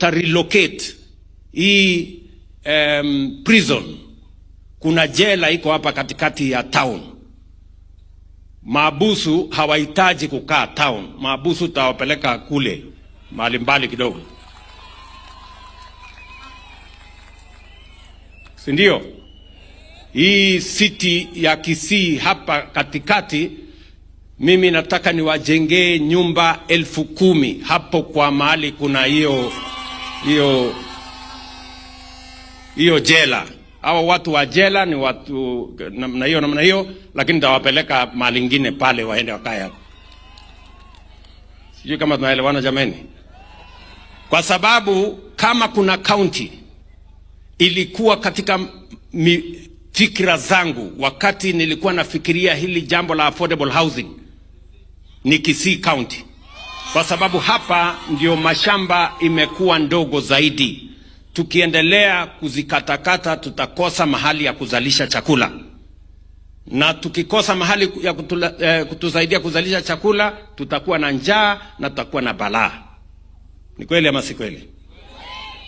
ta relocate hii um, prison. Kuna jela iko hapa katikati ya town. Maabusu hawahitaji kukaa town, maabusu tawapeleka kule mahali mbali kidogo, si ndio? Hii city ya Kisii hapa katikati mimi nataka niwajengee nyumba elfu kumi hapo kwa mahali kuna hiyo hiyo hiyo jela. Hawa watu wa jela ni watu namna hiyo namna hiyo, lakini nitawapeleka mali ingine pale waende wakaya Sijui kama tunaelewana jamani, kwa sababu kama kuna kaunti ilikuwa katika mi, fikra zangu wakati nilikuwa nafikiria hili jambo la affordable housing ni Kisii County kwa sababu hapa ndio mashamba imekuwa ndogo zaidi. Tukiendelea kuzikatakata tutakosa mahali ya kuzalisha chakula, na tukikosa mahali ya kutula, eh, kutusaidia kuzalisha chakula tutakuwa na njaa na tutakuwa na balaa. Ni kweli ama si kweli?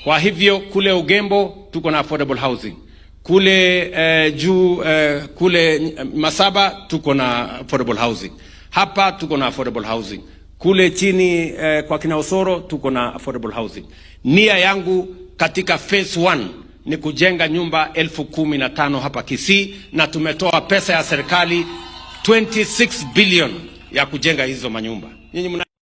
Kwa hivyo kule Ugembo tuko na affordable housing kule eh, juu eh, kule Masaba tuko na affordable housing, hapa tuko na affordable housing kule chini eh, kwa kina Osoro tuko na affordable housing. Nia yangu katika phase one ni kujenga nyumba elfu kumi na tano hapa Kisii, na tumetoa pesa ya serikali 26 billion ya kujenga hizo manyumba. Nyinyi